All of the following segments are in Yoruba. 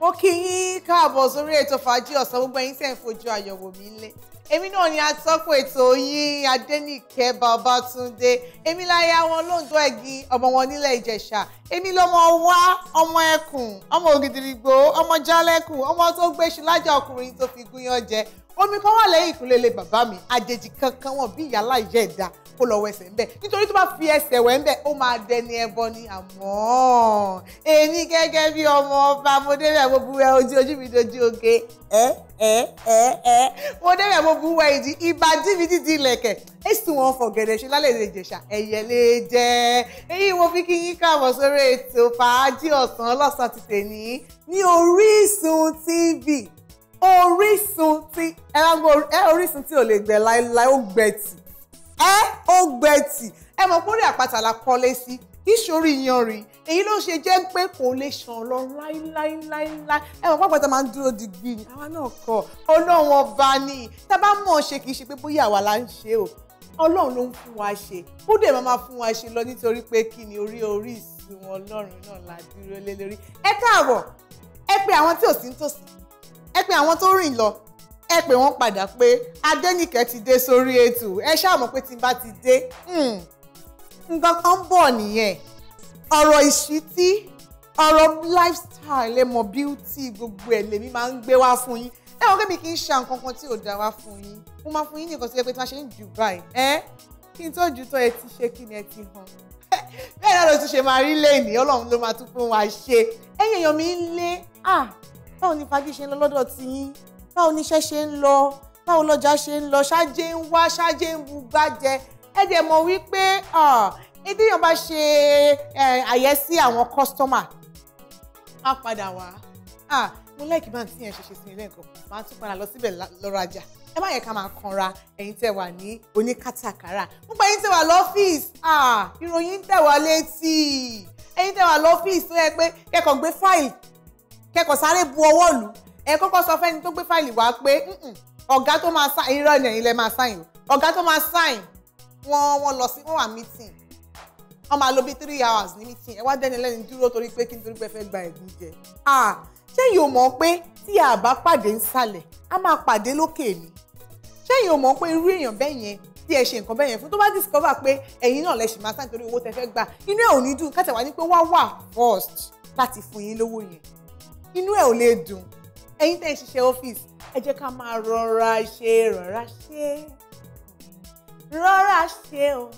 mo kí yín káàbọ̀ sórí ètò fàájì ọ̀sán gbogbo ẹ̀yin tẹ̀ ń fojú ayọ̀ wò mí lé èmi náà ni atọ́kùn ètò yín adẹ́nìkẹ́ babatunde èmi láyé àwọn olóńdó ẹ̀gìn ọmọ wọn nílẹ̀ ìjẹ̀ṣà èmi lọmọ wá ọmọ ẹkùn ọmọ ògidìrìgbò ọmọ jálẹ̀kùn ọmọ tó gbéṣu lájà ọkùnrin tó fi gúnyán jẹ omi kan wà lẹ́yìn ìkúnlélé bàbá mi àjèjì kankan wọn bí ìyá láìjẹ́ ẹ̀dá kó lọ wẹsẹ̀ ń bẹ̀ nítorí tó bá fi ẹsẹ̀ wẹ̀ ń bẹ̀ ó máa dẹni ẹbọ ni àmọ́ èmi gẹ́gẹ́ bí ọmọ ọba mo débẹ̀ mo bu ojú ojú mi dojú oge ẹ ẹ ẹ ẹ mo débẹ̀ mo bu wẹ ìdí ìbàdí mi dídí ilẹ̀kẹ̀ èsì wọn fọ̀gẹ̀dẹ̀ ṣe lálẹ́ èdè ìjẹ̀ṣà ẹ̀yẹ lè jẹ́ èyí mo fi kí yín káàbọ̀ sórí ètò fàájì ọ̀sán ọlọ́sàn ti tè ní Orísun TV orísun tí ẹ orísun tí ò lè gbẹ láéláé ó gbẹ tì ẹ ó gbẹ tì ẹ mọ̀ pórí àpáta la kọ́lé sí kì í ṣorí yanrìn èyí ló ṣe jẹ́ pé kò lè ṣàn lọ láíláíláíláí ẹ mọ̀ pápá tá a máa ń dúró digbí ni àwa náà kọ ọlọ́run ọba ni tá a bá mọ̀ ṣe kì í ṣe pé bóyá àwa la ń ṣe o ọlọ́run ló ń fún wa ṣe ó dẹ̀ máa fún wa ṣe lọ nítorí pé kí ni orí orí ìsìn ọlọ́run náà la dúró lé lórí ẹ káàbọ̀ ẹ pé àwọn tí ò sí ń tòsí ẹ pé àwọn tó rìn lọ ẹ pé wọ́n padà pé Adénìkẹ́ ti dé sórí ètò ẹ ṣáà mọ̀ pé tí n bá ti dé hmm, nǹkan kan ń bọ̀ nìyẹn ọ̀rọ̀ ìṣítí ọ̀rọ̀ lifestyle ẹ mọ̀ beauty gbogbo ẹ̀ lèmi máa ń gbé wá fún yín ẹ wọ́n kébì kí n ṣe nǹkan kan tí ò dá wá fún yín mo máa fún yín nìkan tó yẹ pé tí wọ́n ṣe ń jù báyìí ẹ kí n tó jù tó ẹ ti ṣe kí ni ẹ ti hàn bẹ́ẹ̀ náà ló tún ṣe máa rí lẹ́yìn ọlọ́run ló máa tún fún wa ṣe ẹ̀yin èèyàn mi ń lé báwo ni fagi ṣe ń lọ lọ́dọ̀ ti yín báwo níṣẹ́ ṣe ń lọ báwo lọ́jà ṣe ń lọ ṣáájé ń wá ṣáájé ń bu gbájẹ ẹ dẹ̀ mọ̀ wípé ètò èèyàn bá ṣe àyẹ́sí àwọn kọ́sítọ́mà á padà wá mo lẹ́ẹ̀kì máa ń tíyẹn ṣe ṣe sí ilé nǹkan máa tún padà lọ síbẹ̀ lọ́rajà ẹ má yẹ ká máa kanra ẹ̀yin tẹ́ wà ní oníkátàkárà púpọ̀ ẹ̀yin tẹ́ wà lọ́fíìsì ìròyìn tẹ́ wà létí ẹ̀yin tẹ́ wà lọ́fíìsì tó yẹ pé kẹ́kọ̀ọ́ gbé fáìlì kẹ́kọ̀ọ́ sáré bu ọwọ́ lù ẹ kọ́kọ́ sọ fẹ́ni tó gbé fáìlì wá pé ọ̀gá tó máa sáìn irọ́ ni ẹ̀yin lẹ máa sáìn o ọ̀gá tó máa sáìn wọ́n wọ́n lọ sí wọ́n wà meeting wọ́n máa lo bíi three hours ní meeting ẹ wá dẹ́ni lẹ́ni dúró torí pé kí n torí pé fẹ́ gba ẹ̀gún jẹ ṣé yóò mọ̀ pé tí a bá pàdé nsàlẹ̀ a máa pàdé lókè ni ṣé yóò mọ̀ pé irú èèyàn bẹ́ẹ̀ yẹn tí ẹ ṣe nǹkan bẹ́ẹ̀ yẹn fún tó bá discover pé ẹ̀yin náà lẹ ṣì máa sáìn torí owó tẹ fẹ́ gbà inú ẹ̀ ò ní dùn kátà wá pé wá wà first láti fún yín lówó yẹn inú ẹ̀ ò lè dùn ẹ̀yin tẹ́ ń ṣiṣẹ́ ọ́fíìsì ẹ jẹ́ ká máa rọra ṣe rọra ṣe rọra ṣe o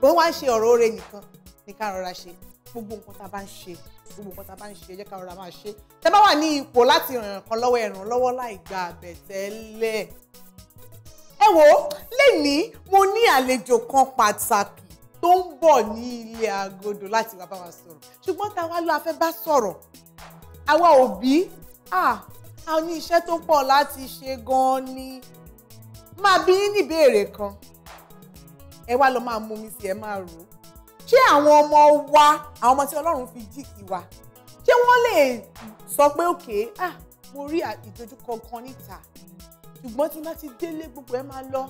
bó wá ń ṣe ọ̀rọ̀ oore nìkan ní ká rọra ṣe gbogbo nǹkan tá a bá ń ṣe gbogbo nǹkan tá a bá ń ṣe ẹ jẹ́ ká rọra máa ṣe tẹ bá wà ní ipò láti ràn kan lọ́wọ́ ẹ̀ràn lọ́wọ́ láì gba àbẹ̀tẹ́lẹ̀ ẹ wò lénìí mo ní àlejò kan pàtàkì tó ń bọ̀ ní ilé agodo láti wá bá wa sọ̀rọ̀ ṣùgbọ́n táwa ló a fẹ́ bá sọ̀rọ̀ àwa òbí a ní iṣẹ́ tó pọ̀ láti ṣe gan-an ni máa bí yín ní ìbéèrè kan ẹ wá lọ máa mú mi sí ẹ máa rò ó ṣé àwọn ọmọ wa àwọn ọmọ tí Ọlọ́run fi jíkì wa ṣé wọ́n lè sọ pé òkè ah mo rí ìdojúkọ kan níta ṣùgbọ́n tí má ti délé gbogbo ẹ máa lọ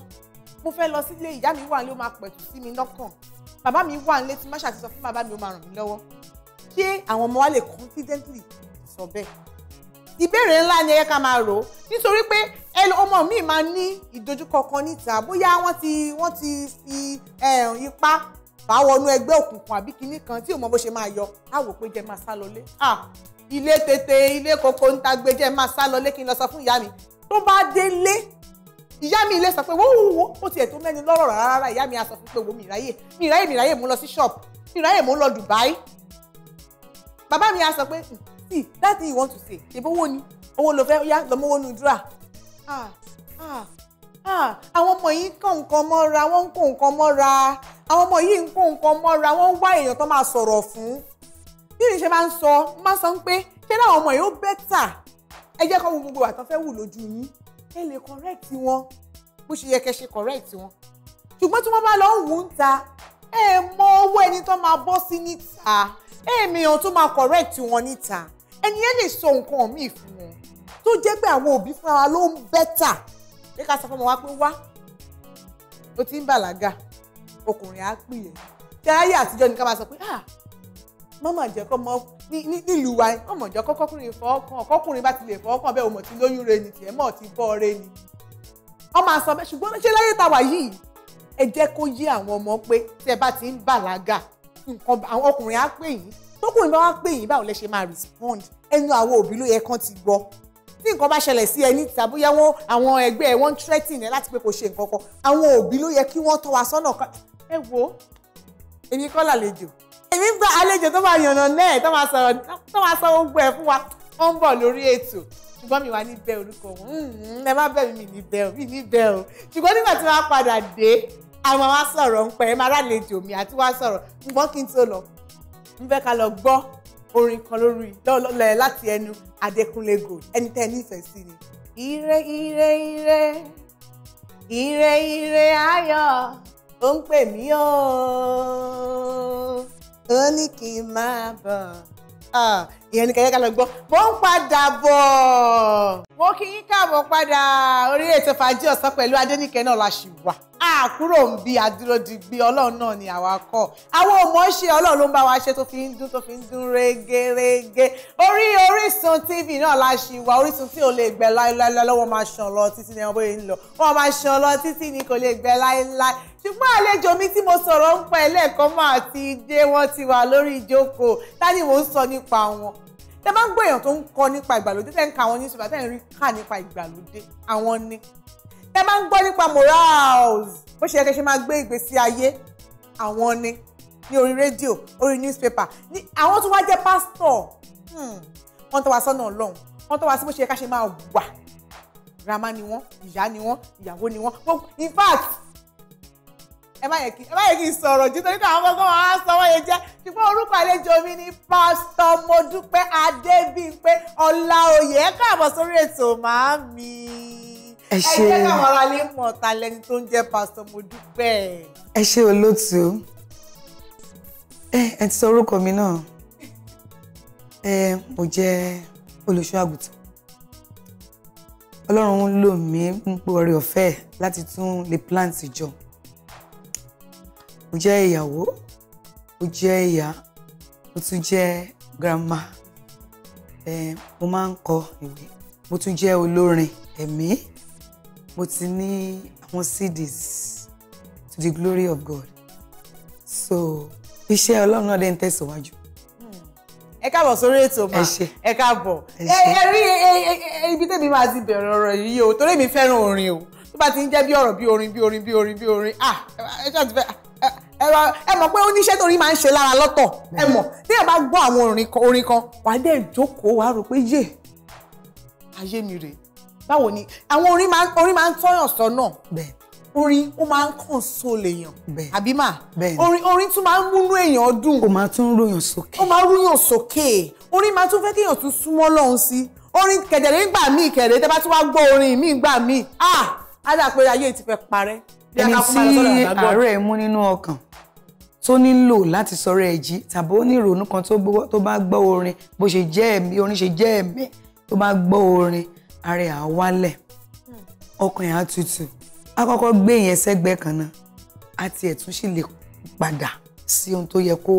mo fẹ́ lọ sílé ìyá mi wà nílé ó máa pẹ̀tù sí mi lọ́kàn bàbá mi wà nílé tí má ṣàti fún bàbá mi ó máa ràn mí lọ́wọ́ ṣé àwọn ọmọ wa lè confidently sọ bẹ́ẹ̀ ìbéèrè ńlá ni ẹ ká máa rò ó nítorí pé ọmọ mi máa ní ìdojúkọ kan níta bóyá wọ́n ti wọ́n ti fi ipá bá wọnú ẹgbẹ́ òkùnkùn àbí kinní kan tí ò mọ bó ṣe máa yọ á wò pé jẹ́ máa sá lọlé ilé tètè ilé koko ń ta gbé jẹ́ máa sá lọlé kí n lọ sọ fún ìyá mi tó bá délé ìyá mi ilé sọ pé wọ́wọ́wọ́ ó tiẹ̀ tó mẹ́ni lọ́rọ̀ rárá rárá ìyá mi á sọ fún pé wo mìíráyè mìíráyè mìíráyè mo lọ sí ṣọ́ọ̀bù mìíráyè mo lọ Dubai bàbá mi á sọ pé hmm, see that's it you want to say ṣe bówó ni owó ló fẹ́ yá lọ́mọ owó nùdúrà ah, ah, ah, àwọn ọmọ yìí ń kó nǹkan mọ́ra wọ́n ń kó nǹkan mọ́ra àwọn ọmọ yìí ń kó nǹkan mọ́ra wọ́n ń wá èèyàn tó máa sọ̀rọ̀ fún bí mi ṣe máa ń sọ máa sọ pé ṣé láwọn ọmọ yìí ó bẹ́tà ẹ jẹ́ kó wọn gbogbo àtọ́ fẹ́ wù lójú yín ẹ lè correct wọn bó ṣe yẹ kẹ́ ṣe correct wọn ṣùgbọ́n tí wọ́n bá lọ ń wù ń ta ẹ mọ owó ẹni tó máa bọ́ sí níta èèyàn tó máa correct wọn níta ẹni yẹn lè sọ nǹkan míì fún wọn tó jẹ́ pé àwọn òbí fúnra wa ló ń bẹ́tà jẹ́ ká sọ fún ọmọ wa pé wá o ti ń bàlágà ọkùnrin á pè é tí ayé àtijọ́ ni ká máa sọ pé ah mọ́mọ́ jẹ́ kọ́ mọ́ nílùú wa ọmọ ìjọ kọ́kọ́kùnrin fọ́ ọkàn ọkọ́kùnrin bá ti lè fọ́ ọkàn bẹ́ẹ̀ o mọ̀ ti lóyún re ni tiẹ̀ mọ̀ ti bọ́ re ni ọmọ àsọ bẹ́ẹ̀ ṣùgbọ́n ṣé láyé ta wà yìí ẹ jẹ́ kó yé àwọn ọmọ pé tẹ́ bá ti ń bàlágà nǹkan àwọn ọkùnrin á pè yín tókùnrin bá wá pè yín báwo lẹ ṣe máa respond ẹnu àwọn òbí ló yẹ kán ti gbọ́ tí nǹkan bá ṣẹlẹ̀ sí ẹni tà bóyá wọn àwọn ẹgbẹ́ ẹ wọ́n ń threatening ẹ láti pé kò ṣe nǹkan kan àwọn òbí ló yẹ kí wọ́n tọ́ wa sọ́nà kan ẹ wo èmi kọ́ làlejò èmi ń gba àlejò tó máa yànnà náà tó máa sọ̀rọ̀ tó máa sọ gbogbo ẹ̀ fún wa wọ́n ń bọ̀ lórí ètò ṣùgbọ́n mi wà ní bẹ́ẹ̀ orúkọ wọn hmm, ẹ má bẹ́ẹ̀ mi ní bẹ́ẹ̀ mi ní bẹ́ẹ̀ o ṣùgbọ́n nígbà tí wọ́n á padà dé àwọn wá sọ̀rọ̀ ń pẹ́ ẹ má rálejò mi àti wá sọ̀rọ̀ ǹgbọ́n kí n tó lọ ń fẹ́ ká lọ gbọ́ orin kan lórí lọ́lọ́lẹ̀ láti ẹnu Adékúnlé Gold ẹni tẹ́ nífẹ̀ẹ́ sí ni. ire ire ire ire ire ayọ̀ ó ń pè mí o ó ní kí n máa bọ̀ ìyẹn ni kẹ̀kẹ́ ká lọ gbọ́ mo ń padà bọ̀ mo kí yín káàbọ̀ padà orí ètò fàájì ọ̀sán pẹ̀lú Adéníkẹ́ náà la ṣì wà àkúrò ń bi àdúró digbí ọlọ́run náà ni àwa kọ́ àwọn òmọ́ṣe ọlọ́run ló ń bá wa ṣe tó fi ń dún tó fi ń dún régerége orí Orísun TV náà la ṣì wà Orísun tí ò lè gbẹ láéláé lọ́wọ́ máa ṣàn lọ títí ni ọmọ yìí ń lọ wọ́n máa ṣàn lọ títí ni kò lè gbẹ láéláé ṣùgbọ́n àlejò mi tí mo sọ̀rọ̀ ń pẹ́ lẹ́ẹ̀kan máa ti dé wọ́n ti wà lórí ìjókòó tani mò ń sọ nípa wọn tẹ bá ń gbọ́ èèyàn tó ń kọ́ nípa ìgbàlódé tẹ́ ń ka àwọn oníṣòwò tẹ́ rí kà nípa ìgbàlódé àwọn ni tẹ́ máa ń gbọ́ nípa morals bó ṣe yẹ kẹ́ ṣe máa gbé ìgbésí ayé àwọn ni ní orí rédíò orí newspaper ní àwọn tó wá jẹ́ pásítọ̀ hmm, wọ́n tọ́ wa sọ́nà ọlọ́run wọ́n tọ́ wa sí bó ṣe yẹ ká ṣe máa wà grandma ni wọ́n ìyá ni wọ́n ìyàwó ni wọ́n in fact ẹ má yẹ kí ẹ má yẹ kí n sọ̀rọ̀ jù torí àwọn gbogbo wọn á sọ wọ́n yẹn jẹ́ ṣùgbọ́n orúkọ àlejò mi ni pásítọ̀ Modúpẹ́ Adébímpé Ọláoyè ẹ káàbọ̀ sórí ètò màámi ẹ ṣe ẹ jẹ́ káwọn aráalé mọ̀ ta lẹni tó ń jẹ́ pásítọ̀ mo dúpẹ́. ẹ ṣe olóòtú ẹ ti sọ orúkọ mi náà ẹ mo jẹ́ olùṣọ́ àgùntàn ọlọ́run lò mí ń pè ọrẹ ọ̀fẹ́ láti tún lè plant jọ mo jẹ́ ìyàwó mo jẹ́ ìyá mo tún jẹ́ grandma mo máa ń kọ ìwé mo tún jẹ́ olórin ẹ̀mí. E mo ti ní àwọn CDs to the glory of God so iṣẹ́ ọlọ́run náà dẹ̀ ń tẹ̀síwájú ẹ káàbọ̀ sórí ètò mà ẹ káàbọ̀ ẹ rí ibi tẹ́mi máa ti bẹ̀rẹ̀ ọ̀rọ̀ yìí o torí mi fẹ́ràn orin o tó bá ti ń jẹ́ bí ọ̀rọ̀ bí orin bí orin bí orin bí orin ah ẹ ṣáà ti fẹ́ ẹ mọ̀ pé ó níṣẹ́ torí máa ń ṣe lára lọ́tọ̀ ẹ mọ̀ tí ẹ bá gbọ́ àwọn orin kan orin kan wàá dẹ̀ jókòó wàá rò pé yé ayé mi rèé báwo ni àwọn orin máa orin máa ń tọ́yàn sọ́nà bẹ́ẹ̀ orin ó máa ń console èèyàn bẹ́ẹ̀ àbí mà bẹ́ẹ̀ orin orin tún máa ń múnú èèyàn dùn ó máa tún ròyàn sókè ó máa ròyàn sókè orin máa tún fẹ́ kéèyàn tún súnmọ́ lọ́hùn sí orin kẹ̀dẹ̀rẹ́ gbà míì kẹ̀dẹ̀rẹ́ tẹ́ bá tún wá gbọ́ orin míì gbà míì ah á dà pé ayé ti fẹ́ parẹ́ ẹni tí àárẹ̀ mú nínú ọkàn tó nílò láti sọ̀rọ̀ ẹ̀jí tàbí ó ní ìrònú kan tó bá gbọ́ orin bó ṣe jẹ́ ẹ̀mí orin ṣe jẹ́ ẹ̀mí tó bá gbọ́ orin ara ẹ̀ á wálẹ̀ ọkàn ẹ̀ á tutù á kọ́kọ́ gbé yẹn sẹ́gbẹ́ kan náà á tiẹ̀ tún sì lè padà sí ohun tó yẹ kó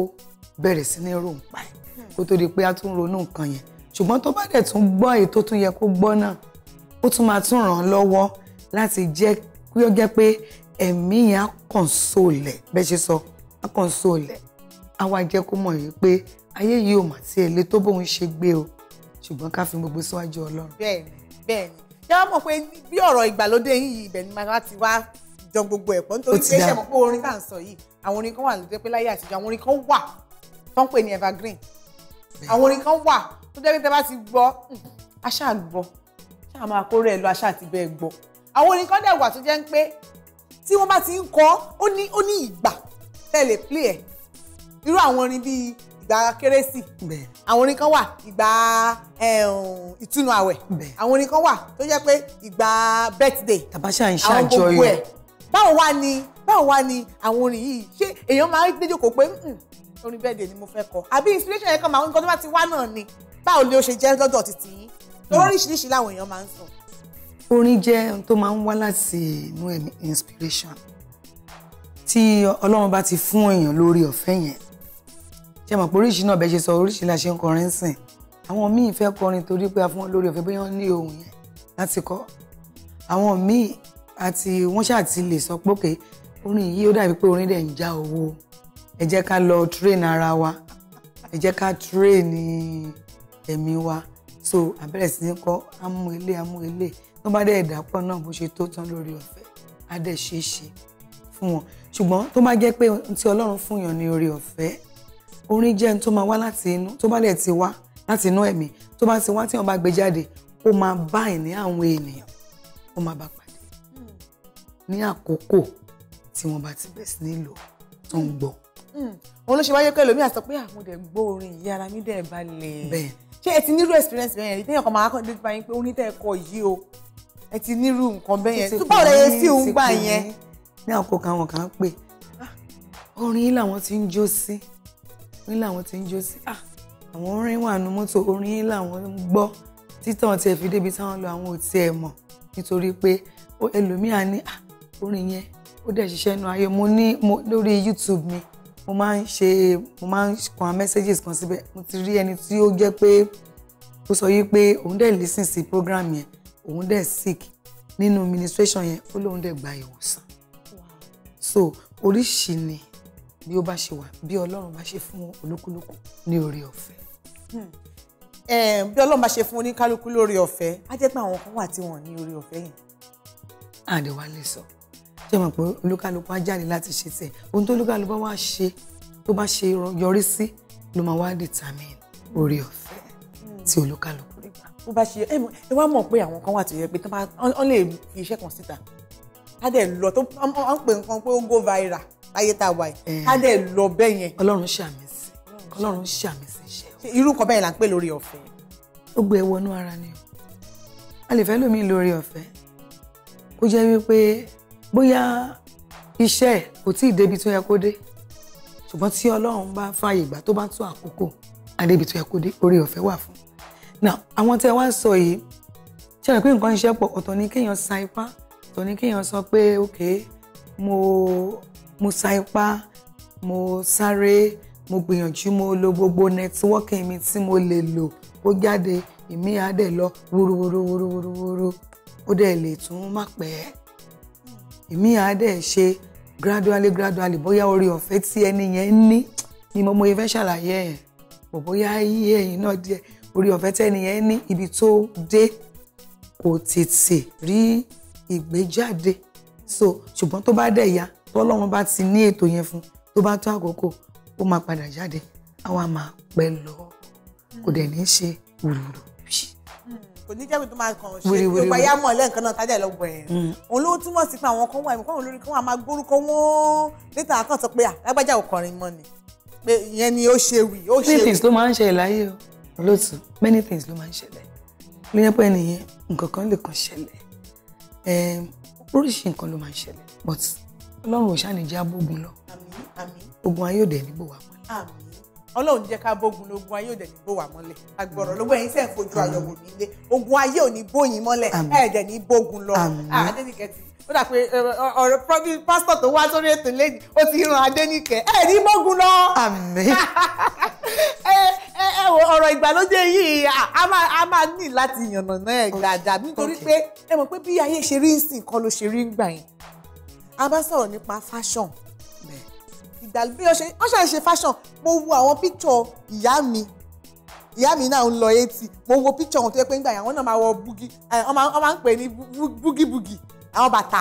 bẹ̀rẹ̀ sí ní ròun pa ẹ̀ kó tó di pé á tún ronú nǹkan yẹn ṣùgbọ́n tó bá dẹ̀ tún gbọ́ èyí tó tún yẹ kó gbọ́ náà ó tún máa tún ràn án lọ́wọ́ láti jẹ́ kí jẹ́ pé ẹ̀mí yẹn á kàn sólẹ̀ bẹ́ẹ̀ ṣe sọ á kàn sólẹ̀ á wá jẹ́ kó mọ̀ yìí pé ayé yìí ò mà tí lé tó bóun ṣe gbé o ṣùgbọ́n ká fi gbogbo síwájú Ọlọ́run. bẹ́ẹ̀ni bẹ́ẹ̀ ni ṣé wọ́n mọ̀ pé bí ọ̀rọ̀ ìgbàlódé yìí ibẹ̀ ni màá ti wá jọ gbogbo ẹ̀pọ̀ nítorí pé ṣe mọ̀ pé orin tá sọ yìí àwọn orin kan wà ló jẹ́ pé láyé àtijọ́ àwọn orin kan wà tó pè ní evergreen àwọn orin kan wà tó jẹ́ pé tẹ́ bá ti gbọ́ hmm, aṣá gbọ́ ṣáà máa kórè ẹ̀ lọ aṣá àti bẹ́ẹ̀ gbọ́ àwọn orin kan dẹ̀ wà tó jẹ́ pé tí wọ́n bá ti ń kọ ó ní ìgbà tẹ́ play ẹ̀ irú àwọn orin bíi ìgbà kérésì àwọn orin kan wà ìgbà ìtúnu àwẹ̀ àwọn orin kan wà tó jẹ́ pé ìgbà birthday tàbáṣà ń ṣàjọyọ̀ báwo wá ni báwo wá ni àwọn orin yìí ṣé èèyàn máa ń gbẹ́jọ́ kó pé hmm, orin birthday ni mo fẹ́ kọ àbí inspiration yẹn kan máa ń kọ́ tó bá ti wá náà ni báwo ni ó ṣe jẹ́ lọ́dọ̀ títí yín lóríṣiríṣi hmm. làwọn èèyàn máa ń sọ. orin jẹ́ ohun tó máa ń wá láti inú inspiration tí ọlọ́run bá ti fún èèyàn lórí ọ̀fẹ́ yẹn ṣe mọ̀ pé oríṣi náà bẹ́ẹ̀ ṣe sọ oríṣi la ṣe ń kọrin sìn àwọn míì fẹ́ kọrin torí pé a fún wọn lórí ọ̀fẹ́ bóyá wọ́n ní ohun yẹn láti kọ́ àwọn míì àti wọ́n ṣáà ti lè sọ pé orin yìí ó dàbí pé orin dẹ̀ ń já owó ẹ jẹ́ ká lọ train ara wa ẹ jẹ́ ká train ẹ̀mí wa so àbẹ̀rẹ̀ sí ní kọ́ amú ilé amú ilé tó bá dẹ̀ dàpọ̀ náà bó ṣe tó tán lórí ọ̀fẹ́ á dẹ̀ ṣeé ṣe fún wọn ṣùgbọ́n tó bá jẹ́ pé tí Ọlọ́run fún yàn ní orí ọ̀fẹ́ orin jẹ́ n tó máa wá láti inú tó bá dẹ̀ ti wá láti inú ẹ̀mí tó bá ti wá tí wọ́n bá gbé jáde ó máa bá ìní àwọn ènìyàn ó máa bá pàdé ní àkókò tí wọ́n bá ti bẹ̀ sí nílò tó ń gbọ́. Hmm. òun ló ṣe wáyé pé lómi àsọ pé àwọn ah, ọdẹ gbọ́ orin ìyá ara mi dẹ̀ balẹ̀. bẹ́ẹ̀ ṣé ẹ ti nírú experience bẹ́ẹ̀ yẹn téèyàn kan máa kọ́ nípa yín pé orin tẹ́ ẹ kọ yìí o ẹ ti nírú nǹkan bẹ́ẹ̀ yẹn tó báwo lè yẹ sí òun gbà yẹn. ní àkókò àwọn kan pè ah, orin yìí làwọn ti ń jó sí ń làwọn ti ń jó sí ah, àwọn orin wà nù mọ́tò orin làwọn ń gbọ́ títàn tiẹ̀ fi débi táwọn lọ àwọn ò tiẹ̀ mọ̀ nítorí pé ẹlòmíà ní ah, orin yẹn ó dẹ̀ ṣiṣẹ́ nu ayé mo ní lórí YouTube mi mo máa ń ṣe mo máa ń kọ àwọn messages kan síbẹ̀ mo ti rí ẹni tí ó jẹ́ pé ó sọ yìí pé òun dẹ̀ listen sí program yẹn òun dẹ̀ sick nínú ministration yẹn ó lóun dẹ̀ gba ìwòsàn so oríṣi ni bí ó bá ṣe wà bí ọlọ́run bá ṣe fún olúkúlùkù ní orí ọ̀fẹ́. Hmm. bí ọlọ́run bá ṣe fún oníkálukú lórí ọ̀fẹ́ á jẹ́ pé àwọn kan wà tí wọ́n ní orí ọ̀fẹ́ yẹn. àdéhùn alẹ́ sọ ṣé mọ̀ pé olúkálukú á jáde láti ṣe tiẹ̀ ohun tó olúkálukú wá ṣe tó bá ṣe yọrí sí ló máa wá determine orí ọ̀fẹ́ hmm. tí olúkálukú rí gbà. bó bá ṣe ẹ wá mọ̀ pé àwọn kan wà tó yẹ pé tán lè fi iṣẹ́ kan síta á dẹ̀ lọ tó à ń pè nǹkan pé ó go viral ayé tá a wà yìí eh. ká dẹ̀ lọ bẹ́ẹ̀ yẹn. ọlọ́run ṣàmì sí ọlọ́run ṣàmì sí iṣẹ́ o. irú kan bẹ́ẹ̀ là ń pè lórí ọ̀fẹ́. ó gbé ẹwọ inú ara ni o a lè fẹ́ lómi lórí ọ̀fẹ́ ó jẹ́ wípé bóyá iṣẹ́ kò tí ì débi tó yẹ kó dé ṣùgbọ́n tí ọlọ́run bá fààyè ìgbà tó bá tún àkókò adébi tó yẹ kó dé orí ọ̀fẹ́ wà fún. now àwọn tí wá sọ yìí ṣe rẹ̀ nǹkan iṣẹ́ pọ̀ ọ̀tọ̀ ni kéèyàn sa ipá ọ̀tọ̀ ni kéèyàn sọ pé ok mo mo sa ipá mo sáré mo gbìyànjú mo lo gbogbo nẹtíwọ́kì mi tí mo lè lò ó jáde ìmí adẹ̀ lọ wúruwúruwúruwúru ó dẹ̀ lè tún má pẹ́ ìmí adẹ̀ ṣe gradually gradually bóyá orí ọ̀fẹ́ tí ẹni yẹn ní ni mo mọ ifẹ́ ṣàlàyé ẹ̀ pọ̀ bóyá yí ẹ̀yìn náà díẹ̀ orí ọ̀fẹ́ tẹ́ni yẹn ní ibi tó dé kò tètè rí ìgbéjáde so ṣùgbọ́n tó bá dẹ̀ ya tọ́lọ́run bá ti ní ètò yẹn fún tó bá tó àkókò ó máa padà jáde àwa máa pẹ́ lọ kò dẹ̀ ní ṣe wùrùwùrù hmm, kò ní jẹ́bi tó máa kàn ṣe tí ó payá mọ̀ lẹ́ǹkan náà tájà lọ́gbọ̀n ẹ̀ hmm. òun ló túmọ̀ sí pé àwọn kan wà ẹ̀mí lórí kan wà máa gbórúkọ wọn níta àkàn sọ pé lágbájá ò mọ́ ni pé ìyẹn ni ó ṣe wì ó ṣe wì. many things ló máa ń ṣẹlẹ̀ láyé o lóòtú many things ló máa ń ṣẹlẹ̀ ló yẹ pé nìyẹn nǹkan kan lè kàn ṣẹlẹ̀ oríṣi nǹkan ló máa ń ṣẹlẹ̀ but ọlọ́run ò ṣàníjẹ́ abógun lọ ogun ayé òde níbò wà mọ́lẹ̀. ọlọ́run jẹ́ ká bógun lọ ogun ayé òde níbò wà mọ́lẹ̀ agbọ̀rọ̀ lọ́wọ́ ẹ̀yin sẹ́ẹ̀ fojú àyọ̀wò mi lé ogun ayé ò ní bóyin mọ́lẹ̀ ẹ̀ẹ́dẹ̀ ní bógun lọ àdénìkẹ́tì ah, ó dà pé ọ̀rọ̀ prọ́bí pásítọ̀ tó wá sórí ètò lẹ́yìn ó ti ran adénìkẹ́ ẹ̀ ní bógun lọ. àmín. ẹ ẹ wo ọ̀rọ̀ ìgbàlódé yìí a máa ní láti yànnàná ẹ̀ gbàdá nítorí pé ẹ mọ̀ pé bí ayé ṣe rí ń sìn kọ́ ló ṣe rí ń gbà yẹn a bá sọ̀rọ̀ nípa fashion ìgbàlódé bí wọ́n ṣe wọ́n ṣàṣe fashion mo wo àwọn píkṣọ̀ ìyá mi ìyá mi náà ń lọ etí mo wo píkṣọ̀ wọn tó yẹ pé nígbà yẹn wọ́n náà máa wọ búgí wọ́n máa ń pè ní búgíbúgì àwọn bàtà